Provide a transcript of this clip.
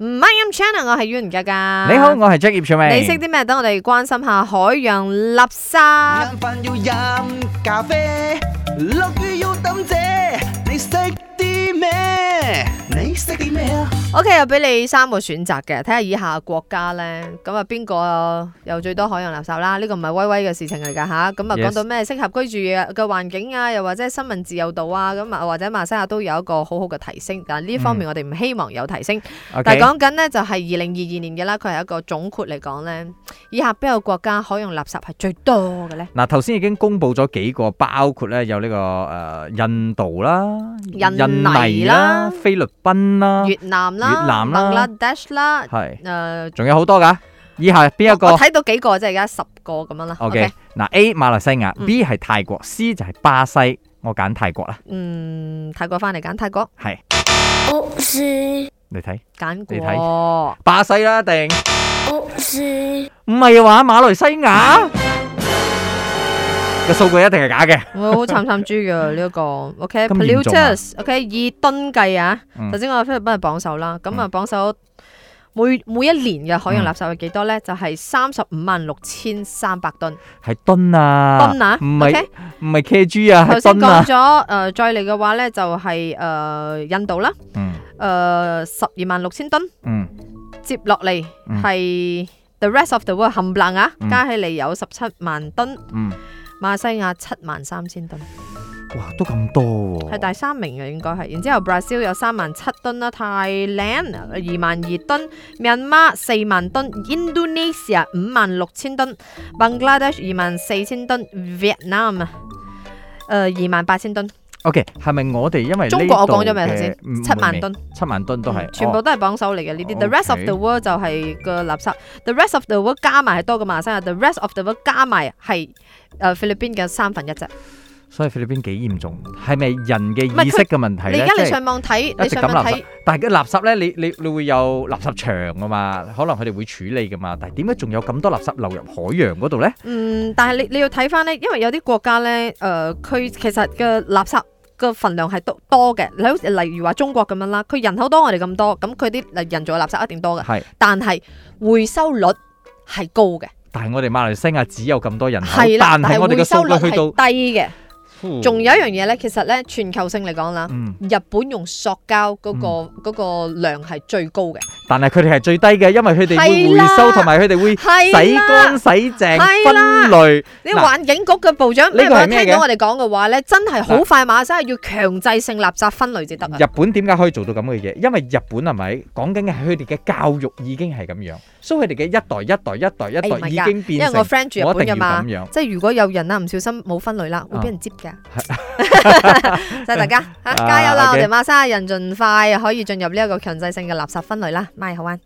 唔，my channel，我係袁家家。你好，我係職業傳媒。你識啲咩？等我哋關心下海洋垃圾。O.K. 又俾你三個選擇嘅，睇下以下國家呢，咁啊邊個有最多海洋垃圾啦？呢、這個唔係威威嘅事情嚟噶吓，咁啊講到咩適合居住嘅環境啊，又或者新聞自由度啊，咁啊或者馬來西亞都有一個好好嘅提升，但係呢方面我哋唔希望有提升。嗯 okay. 但係講緊咧就係二零二二年嘅啦，佢係一個總括嚟講呢，以下邊個國家海洋垃圾係最多嘅呢？嗱，頭先已經公布咗幾個，包括呢有呢、這個誒、呃、印度啦、印尼，印尼啦、菲律賓。越南啦，越南啦，孟蘭 Dash 啦，係，誒，仲有好多噶，以下邊一個？我睇到幾個即係而家十個咁樣啦。O K，嗱 A 馬來西亞，B 係泰國，C 就係巴西，我揀泰國啦。嗯，泰國翻嚟揀泰國。係，你睇，揀過，巴西啦定？唔係嘅話馬來西亞？個數據一定係假嘅，我好慘慘豬嘅呢一個。OK，Pollutus，OK，以噸計啊！首先我菲律賓係榜首啦。咁啊，榜首每每一年嘅海洋垃圾係幾多咧？就係三十五萬六千三百噸，係噸啊，噸啊，唔係唔係 KG 啊，係噸啊。頭先講咗，誒，再嚟嘅話咧就係誒印度啦，嗯，誒十二萬六千噸，嗯，接落嚟係 the rest of the world 冚唪唥啊，加起嚟有十七萬噸，嗯。馬西亞，七萬三千噸，哇，都咁多喎，係第三名嘅應該係。然之後 Brazil 有三萬七噸啦，泰蘭二萬二噸，Myanmar 四萬噸，Indonesia 五萬六千噸，Bangladesh 二萬四千噸，Vietnam 誒、 呃、二萬八千噸。O.K. 係咪我哋因為中國我講咗未頭先？七萬噸，七萬噸都係全部都係榜首嚟嘅呢啲。The rest of the world 就係個垃圾。The rest of the world 加埋係多過馬來西亞。The rest of the world 加埋係誒菲律賓嘅三分一啫。所以菲律賓幾嚴重？係咪人嘅意識嘅問題咧？你而家你上網睇，你上網睇，但係啲垃圾咧，你你你會有垃圾場啊嘛，可能佢哋會處理噶嘛。但係點解仲有咁多垃圾流入海洋嗰度咧？嗯，但係你你要睇翻咧，因為有啲國家咧，誒，佢其實嘅垃圾。個份量係多多嘅，你好似例如話中國咁樣啦，佢人口多我哋咁多，咁佢啲人造垃圾一定多嘅，但係回收率係高嘅。但係我哋馬來西亞只有咁多人口，是但係我哋嘅收率係低嘅。仲有一樣嘢咧，其實咧全球性嚟講啦，日本用塑膠嗰、嗰個、嗯嗰個量係最高嘅，但係佢哋係最低嘅，因為佢哋會回收同埋佢哋會洗乾洗淨分類。你、這、環、個、境局嘅部長，呢個係咩嘅？聽到我哋講嘅話咧，真係好快馬上係要強制性垃圾分類至得、啊、日本點解可以做到咁嘅嘢？因為日本係咪講緊嘅佢哋嘅教育已經係咁樣，所以佢哋嘅一代一代一代一代已經變成、哎、因為我個朋友住日本我一定要咁樣。即係如果有人啊唔小心冇分類啦，會俾人接。多 謝 大家，吓加油啦！Uh, okay. 我哋馬沙人盡快可以進入呢一個強制性嘅垃圾分類啦，咪好玩。